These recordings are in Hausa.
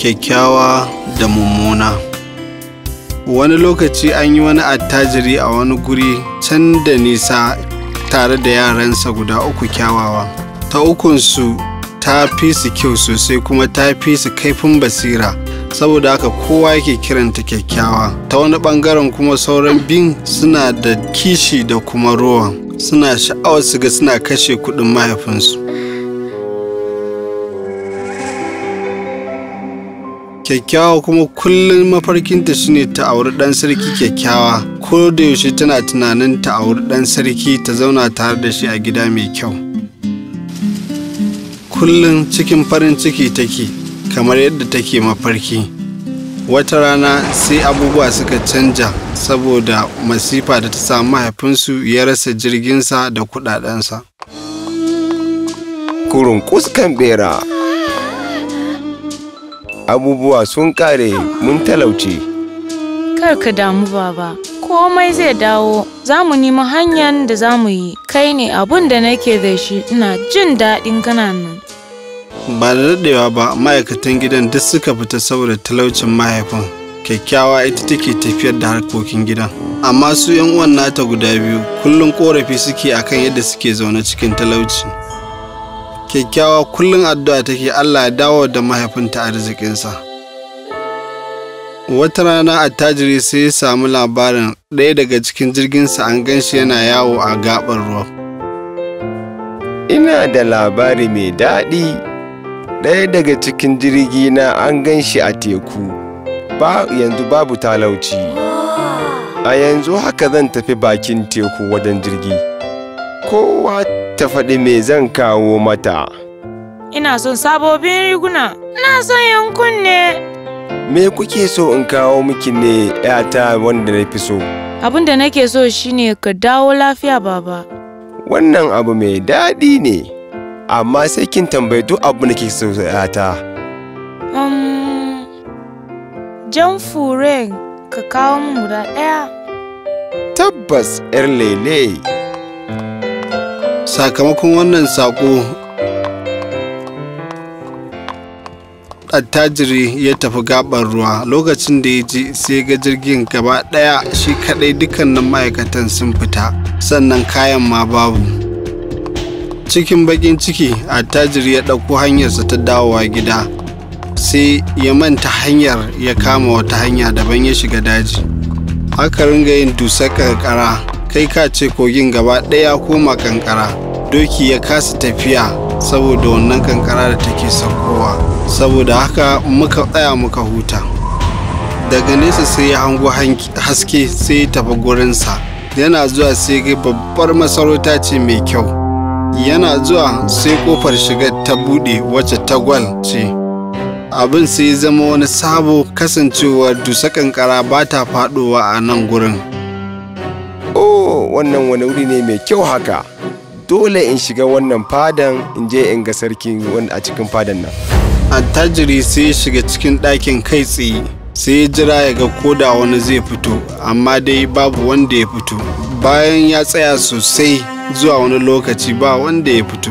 kyakkyawa da mummuna wani lokaci an yi wani attajiri a wani guri can da nisa tare da yaransa guda uku kyawawa ta ukunsu ta fi su kyau sosai kuma ta fi su kaifin basira saboda haka kowa yake kiranta kyakkyawa ta wani bangaren kuma sauran bin suna da kishi da kuma ruwan suna sha'awar su ga suna kashe kudin mahaifinsu kyakkyawa kuma kullum mafarkinta shine ta auri ɗan sarki kyakkyawa ko da yaushe tana tunanin ta auri ɗan sarki ta zauna tare da shi a gida mai kyau kullum cikin farin ciki take kamar yadda take mafarki wata rana sai abubuwa suka canja saboda masifa da ta samu mahaifinsu ya rasa jirginsa da kudadensa kurun kuskan bera abubuwa sun kare mun talauce. Kar ka damu baba, komai zai dawo, za mu nemi hanyar da za mu yi, kai ne abun da nake da shi ina jin daɗin kana nan. Ba da daɗewa ba ma'aikatan gidan duk suka fita saboda talaucin mahaifin, kyakkyawa ita take tafiyar da harkokin gidan. Amma su 'yan uwan nata guda biyu kullum korafi suke akan yadda suke zaune cikin talauci. kyakkyawa kullum addu'a take Allah ya dawo da mahaifinta arzikinsa. Wata rana attajiri sai ya samu labarin ɗaya daga cikin jirginsa an ganshi yana yawo a gaɓar ruwa. Ina da labari mai daɗi, ɗaya daga cikin jirgi na an ganshi a teku, ba yanzu babu talauci. A yanzu haka zan tafi bakin teku wajen jirgi. Kowa ta faɗi me zan kawo mata. Ina son sabobin riguna, ina son yankun ne. Me kuke so in kawo miki ne ‘yata wanda na fi so? Abin da nake so shine ka dawo lafiya baba. Wannan abu mai daɗi ne, amma sai kin tambayi duk abu da ke so ‘yata. Um, jan furen ka kawo mu guda ɗaya. Tabbas ‘yar lele. sakamakon wannan saƙo attajiri ya tafi gabar ruwa lokacin da ya ji sai ga jirgin gaba ɗaya shi kaɗai dukkanin ma'aikatan sun fita sannan kayan ma babu cikin bakin ciki attajiri ya ɗauko hanyarsa ta dawowa gida sai ya manta hanyar ya kama wata hanya daban ya shiga daji Haka ringa yin dusar ƙarƙara kai ka ce kogin gaba ɗaya koma kankara doki ya kasa tafiya saboda wannan kankara da take saukowa saboda haka muka tsaya muka huta daga nesa sai ya hango haske sai ya tafi gurinsa yana zuwa sai ga babbar masarauta ce mai kyau yana zuwa sai kofar shiga ta buɗe wacce tagwal ce abin sai zama wani sabo kasancewa dusa kankara ba ta faɗowa a nan gurin wannan wani wuri ne mai kyau haka dole in shiga wannan fadan in je in ga sarki a cikin fadan nan attajiri sai ya shiga cikin ɗakin kai tsaye sai ya jira ya ga da wani zai fito amma dai babu wanda ya fito bayan ya tsaya sosai zuwa wani lokaci ba wanda ya fito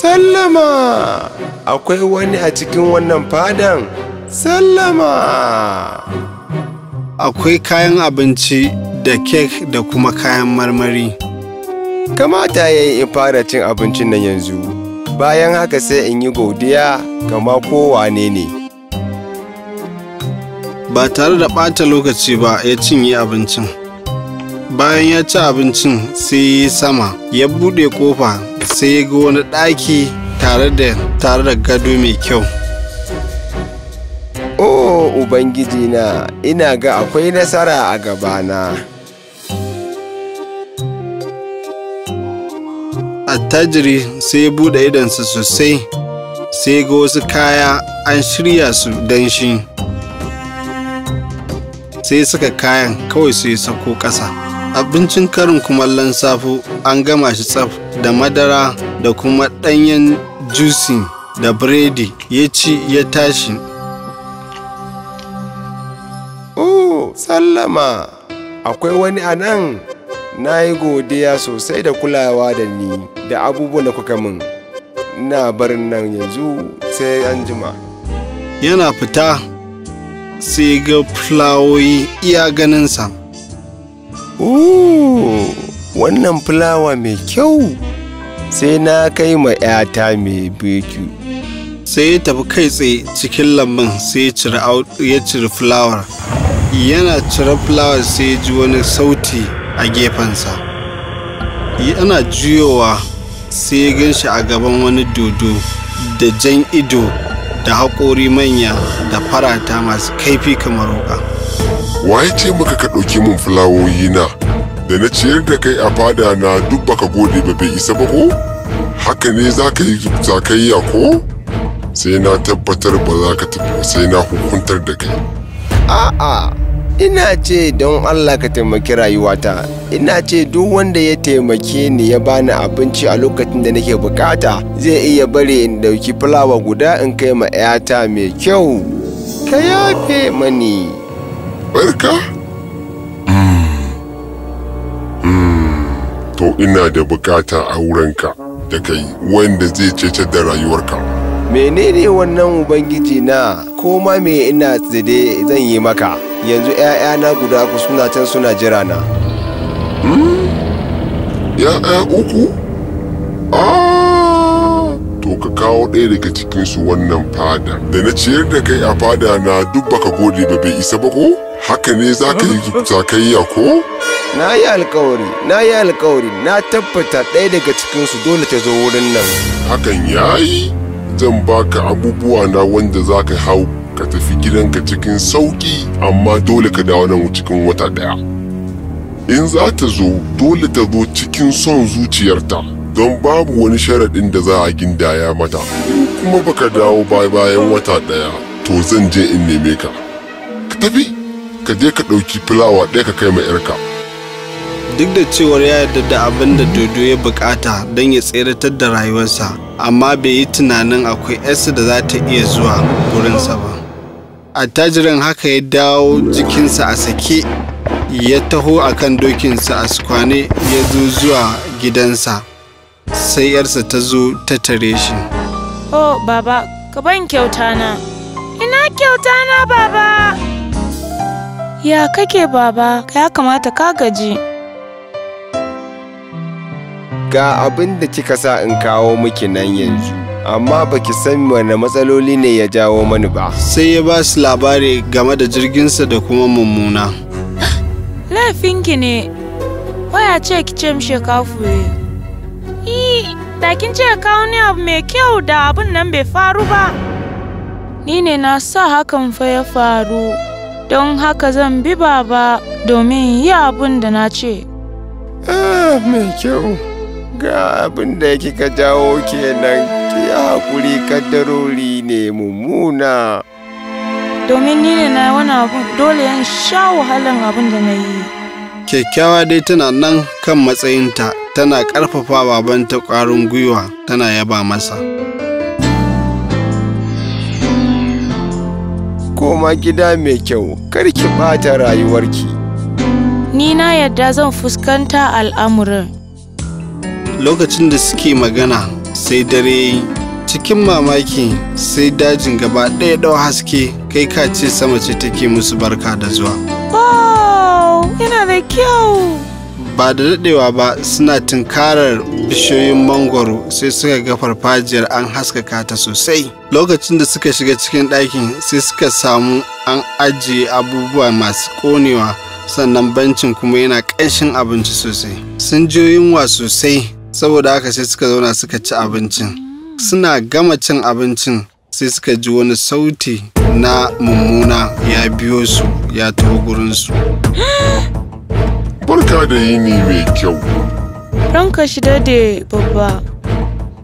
sallama akwai wani a cikin wannan fadan sallama akwai kayan abinci da kek da kuma kayan marmari. Kamata ya yi fara cin abincin nan yanzu, bayan haka sai in yi godiya kama kowane ne. Ba tare da ɓata lokaci ba ya cinye abincin. Bayan ya ci abincin sai ya sama, ya buɗe ƙofa sai ya ga wani ɗaki tare da gado mai kyau. Oh Ubangiji na, ina ga akwai nasara a gabana. Attajiri sai ya buɗe idonsa sosai, sai ga wasu kaya an shirya su don shi. Sai suka kayan kawai sai sako ƙasa. Abincin karin kumallon safu an gama shi tsaf da madara da kuma ɗanyen jusi da biredi ya ci ya tashi Sallama, akwai wani a nan? Na yi godiya sosai da kulawa da ni da abubuwan da kuka min. Na barin nan yanzu sai an jima. Yana fita sai ga fulawoyi iya ganinsa. wannan fulawa mai kyau sai na kai ma 'yata mai beku. sai ya tafi kai tsaye cikin lambun sai ya ciri fulawar yana cire fulawar sai ji wani sauti a gefensa yana juyowa sai ya gan shi a gaban wani dodo da jan ido da haƙori manya da farata masu kaifi kamar wuka. waye ce maka ka ɗauki mun fulawoyi na da na ciyar da kai a fada na duk baka gode ba bai isa ba ko haka ne za ka yi zakayya ko sai na tabbatar ba za ka tafi sai na hukuntar da kai a'a ina ce don Allah ka taimaki rayuwata ina ce duk wanda ya taimake ni ya bani abinci a lokacin da nake bukata zai iya bari in dauki fulawa guda in kai ma 'yata mai kyau ka yafe mani barka hmm. Hmm. to ina da bukata a wurinka da kai wanda zai cece da rayuwarka menene wannan ubangiji na ko ma me ina tside zan yi maka yanzu na guda ku suna can suna jira na ‘ya'ya hmm? uku ah! to ka kawo ɗaya daga cikinsu wannan fada da na ciyar da kai a fada na duk baka gode ba bai isa ba ko haka ne za ka yi zakayya ko na yi alkawari na yi alkawari na tabbata ɗaya daga cikinsu dole ta zo wurin nan hakan ya yi zan baka abubuwa na wanda za ka hau ka tafi gidanka cikin sauƙi amma dole ka dawo nan cikin wata daya in za ta zo dole ta zo cikin son zuciyarta don babu wani sharaɗin da za a gindaya mata kuma baka dawo bayan wata ɗaya to zan je in neme ka ka tafi ka je ka ɗauki fulawa ɗaya ka kai ma 'yarka duk da cewar ya yarda da abin da dodo ya bukata don ya tseratar da rayuwarsa amma bai yi tunanin akwai yarsa da za ta iya zuwa gurinsa ba attajirin haka ya dawo jikinsa a sake ya taho a kan dokinsa a sukwane ya zo zuwa gidansa sai yarsa ta zo ta tare shi oh baba ka ban kyauta na ina kyauta na baba ya kake baba ya kamata ka gaji ga abin da kika sa in kawo miki nan yanzu amma baki san wani matsaloli ne ya jawo mani ba sai ya ba su labari game da jirginsa da kuma mummuna laifinki ne waya ce ki ce mishe kafuye da kin ce kawo ni abu mai kyau da abin nan bai faru ba ni ne na sa hakan fa ya faru don haka zan bi baba domin yi abin da na ce ah mai kyau ga abin da yake ka jawo kenan ki haƙuri kaddarori ne mummuna domin ni ne na wani abu, dole yan sha wahalan abin da na yi kyakkyawa dai tana nan kan matsayinta tana ƙarfafa babanta ƙwarin gwiwa tana yaba masa koma gida mai kyau karki bata rayuwarki ni na yadda zan fuskanta al'amuran lokacin da suke magana sai dare cikin mamaki sai dajin gaba ɗaya ɗau haske kai ka ce sama ce take musu barka da zuwa wow yana da kyau ba da daɗewa ba suna tunkarar bishiyoyin mangoro sai suka ga farfajiyar an haskaka ta sosai lokacin da suka shiga cikin ɗakin sai suka samu an ajiye abubuwa masu ƙonewa sannan bancin kuma yana ƙanshin abinci sosai sun ji yunwa sosai saboda haka sai suka zauna suka ci abincin suna gama cin abincin sai suka ji wani sauti na mummuna ya biyo su ya taho gurinsu barka da yini mai kyau ranka shi dade babba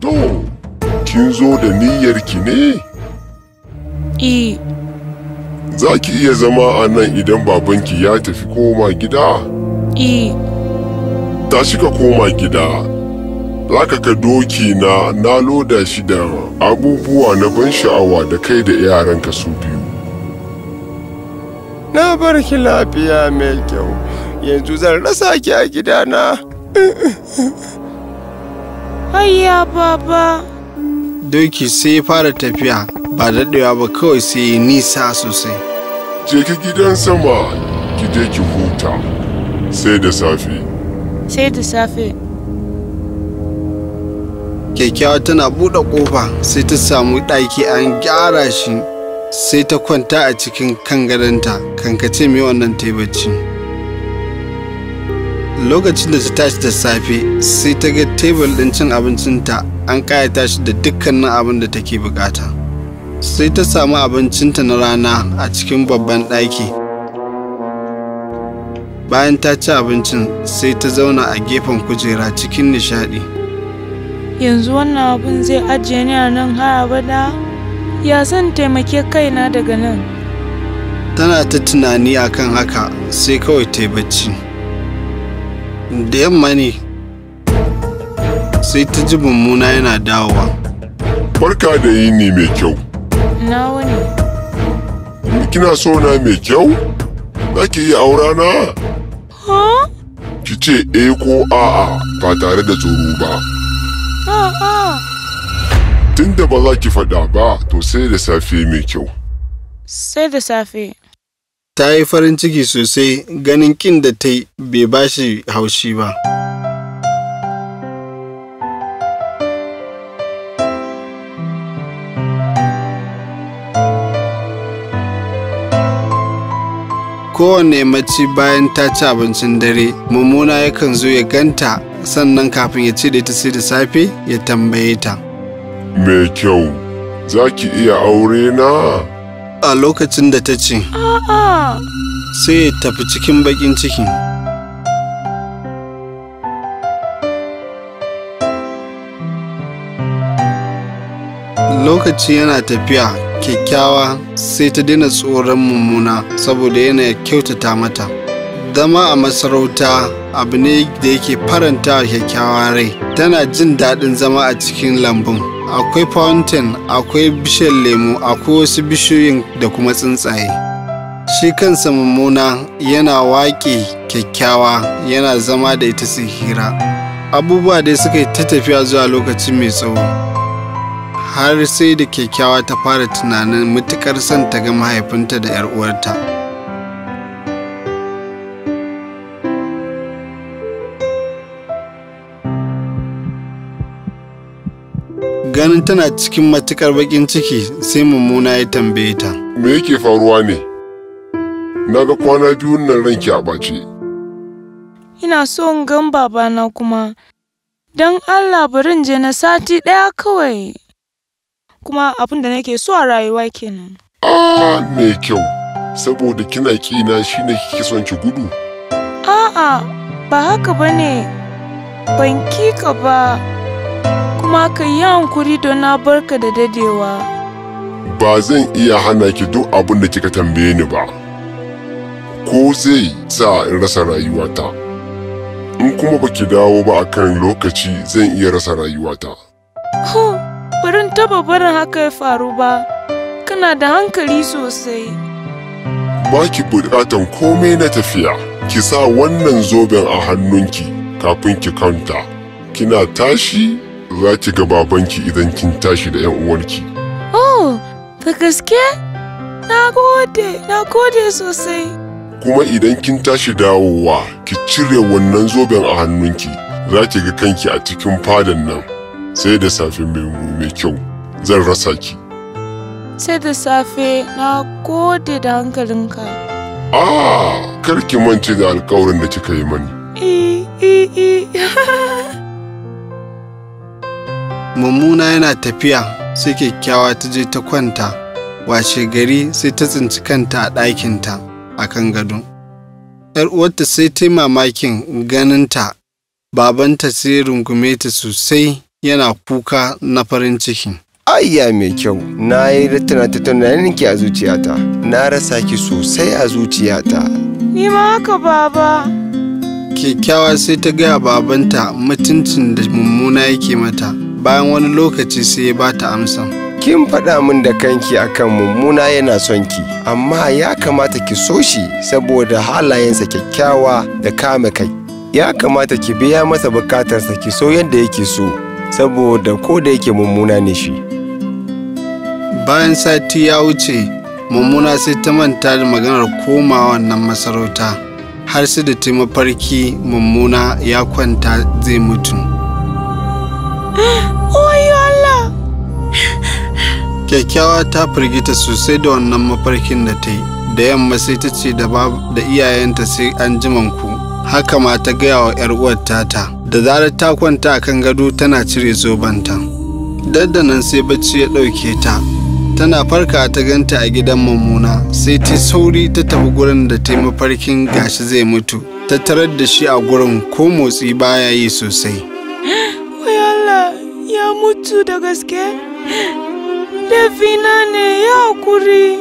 to kin zo da niyyarki ne i e. za ki iya zama a nan idan babanki ya tafi koma gida i e. tashi ka koma gida za ka ga doki na na loda shi da abubuwa na ban sha'awa da kai da yaranka su biyu na bar ki lafiya mai kyau yanzu zan rasa ki a na. hayya baba doki sai fara tafiya ba daɗewa ba kawai sai nisa sosai je ki gidan sama ki je ki huta sai da safe sai da safe kyakkyawa tana buɗe ƙofa sai ta samu ɗaki an gyara shi sai ta kwanta a cikin kan gadonta kankace mai wannan ta lokacin da ta tashi da safe sai ta ga tebul ɗin cin abincinta an ƙayata shi da dukkanin abin da take bukata sai ta samu abincinta na rana a cikin babban ɗaki bayan ta ci abincin sai ta zauna a gefen kujera cikin nishaɗi yanzu wannan abun zai ajiye ni a nan har abada ya zan taimake kaina daga nan tana ta tunani akan haka sai kawai ta bacci da yamma ne sai ta ji mummuna yana dawowa barka da yini mai kyau na wani kina so na mai kyau za ki yi aura na ki ce eh ko a'a ba tare da tsoro ba Tun da ba za ki faɗa ba, to sai da safe mai kyau. Sai da safe. Ta yi farin ciki sosai ganin kin da ta yi bai ba shi haushi ba. kowane mace bayan ta ci abincin dare mummuna yakan zo ya ganta sannan kafin ya ce da ita sai da safe ya tambaye ta. Mai kyau, za ki iya aure na? A lokacin da ta ce, sai ya tafi cikin bakin ciki. Lokaci yana tafiya kyakkyawa sai ta daina tsoron mummuna saboda yana kyautata mata. zama a masarauta abu ne da yake faranta kyakkyawa rai tana jin daɗin zama a cikin lambun akwai fountain akwai bishiyar lemu akwai wasu bishiyoyin da kuma tsuntsaye shi kansa mummuna yana waƙe kyakkyawa yana zama da ita hira. abubuwa dai suka yi ta tafiya zuwa lokaci mai tsawo har sai da kyakkyawa ta fara tunanin mutukar son ta ga mahaifinta da 'yar uwarta. ganin tana cikin matukar bakin ciki sai mummuna ya tambaye ta me yake faruwa ne na ga kwana biyun nan ranki a ɓace ina so in gan babana kuma don allah bari je na sati ɗaya kawai kuma abin da nake so a rayuwa kenan ah me kyau saboda kina kina shine kike son ki gudu a'a ba haka bane ban kika ba kuma ka yi hankuri don na barka da dadewa. Ba zan iya hana ki duk abin da kika tambaye ni ba. Ko zai sa in rasa rayuwata. In kuma baki dawo ba akan lokaci zan iya rasa rayuwata. Ho, barin taba barin haka ya faru ba. Kana da hankali sosai. Ba ki buƙatan komai na tafiya. Ki sa wannan zoben a hannunki kafin ki kanta. Kina tashi za ki ga babanki idan kin tashi da 'yan uwanki. Oh, da gaske? Na gode, na gode sosai. Kuma idan kin tashi dawowa, ki cire wannan zoben a hannunki, za ki ga kanki a cikin fadan nan. Sai da safe mai kyau, zan rasa ki. Sai da safe, na gode da hankalinka. Ah, kar ki mance da alkawarin da kika yi mani. Eh, eh, eh. mummuna yana tafiya sai kyakkyawa ta je ta kwanta washe gari sai ta tsinci kanta a ɗakinta a kan gado ‘yar uwarta sai ta yi mamakin ganinta babanta sai rungume ta sosai yana kuka na farin ciki. Ayya mai kyau, na yi rattana ta tunanin ki a zuciyata, na rasa ki sosai a zuciyata. Ni ma haka baba. Kyakkyawa sai ta gaya babanta mutuncin da mummuna yake mata. bayan wani lokaci sai ya ba ta amsa. Kin faɗa min da kanki akan mummuna yana son ki, amma ya kamata ki so shi saboda halayensa kyakkyawa da kame kai. Ya kamata ki biya masa bukatarsa ki so yadda yake so, saboda ko da yake mummuna ne shi. Bayan sati ya wuce, mummuna sai ta manta da maganar komawa wannan masarauta, har su da mafarki mummuna ya kwanta zai mutu. Kyakkyawa ta firgita sosai da wannan mafarkin da ta yi, da yamma sai ta ce da da iyayenta sai an ku. Haka ma ta gaya wa ‘yar uwar tata, da zarar ta kwanta a kan gado tana cire zobanta. Daddanan sai bacci ya ɗauke ta, tana farka ta ganta a gidan mummuna sai ta sauri ta tafi gurin da ta yi mafarkin gashi zai mutu, ta tarar da shi a gurin ko motsi baya yi sosai. mutu da gaske dafina ne ya kuri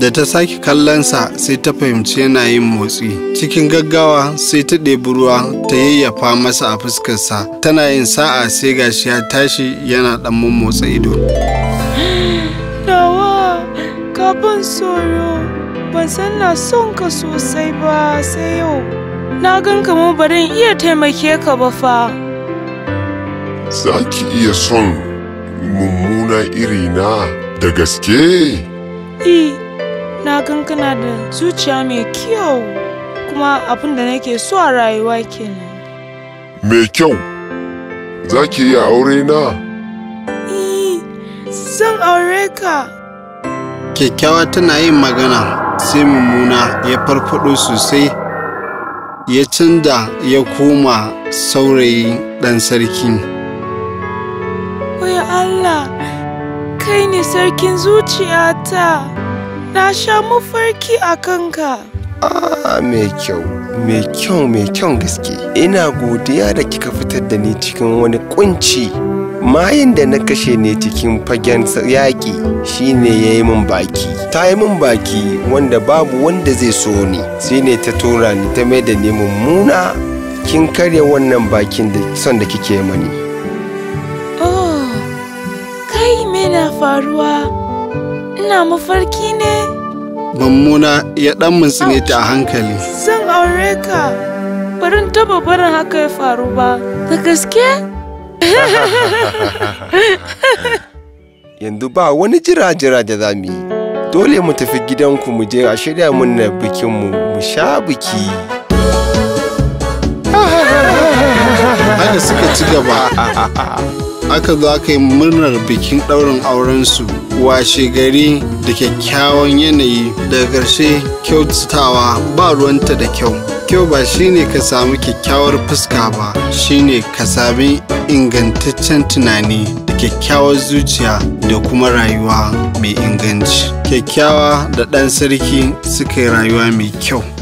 da ta sake kallonsa sai ta fahimci yana yin motsi cikin gaggawa sai ta ɗebi ruwa ta yayyafa masa a fuskarsa tana yin sa'a sai gashi ya tashi yana ɗan motsa ido ka kafin tsoro ban san na son ka sosai ba sai yau na gan kamar ba iya taimake ka ba fa za ki iya son mummuna iri na da gaske? E, na kankana da zuciya mai kyau kuma abin da nake so a rayuwa kenan. Mai kyau, za ki iya aure na? E, zan aure ka. Kyakkyawa tana yin magana sai mummuna ya farfado sosai ya canza ya koma saurayin ɗan sarki. O ya Allah, kai ne sarkin zuciyata, na sha mafarki a kanka. Ah, mai kyau, mai kyau, mai kyau gaske. Ina godiya da kika fitar da ni cikin wani kunci. Mayin da na kashe ne cikin fagen yaƙi shine ya yi min baki. Ta yi min baki wanda babu wanda zai so ni, sai ne ta tura ni ta mai da ni mummuna kin karya wannan bakin da son da kike mani. faruwa? Ina mafarki ne? Mammuna ya ɗan mutsine ta a hankali. Zan aure ka. Barin taba barin haka ya faru ba. Da gaske? Yanzu ba wani jira-jira da za mu yi. Dole mu tafi gidanku mu je a shirya muna bikin mu mu sha biki. Haka suka ci gaba. aka zo aka yi murnar bikin ɗaurin aurensu washe gari da kyakkyawan yanayi daga ƙarshe kyautatawa ba ruwanta da kyau kyau ba shine ka samu kyakkyawar fuska ba shine ka sami ingantaccen tunani da kyakkyawar zuciya da kuma rayuwa mai inganci kyakkyawa da ɗan sarki suka yi rayuwa mai kyau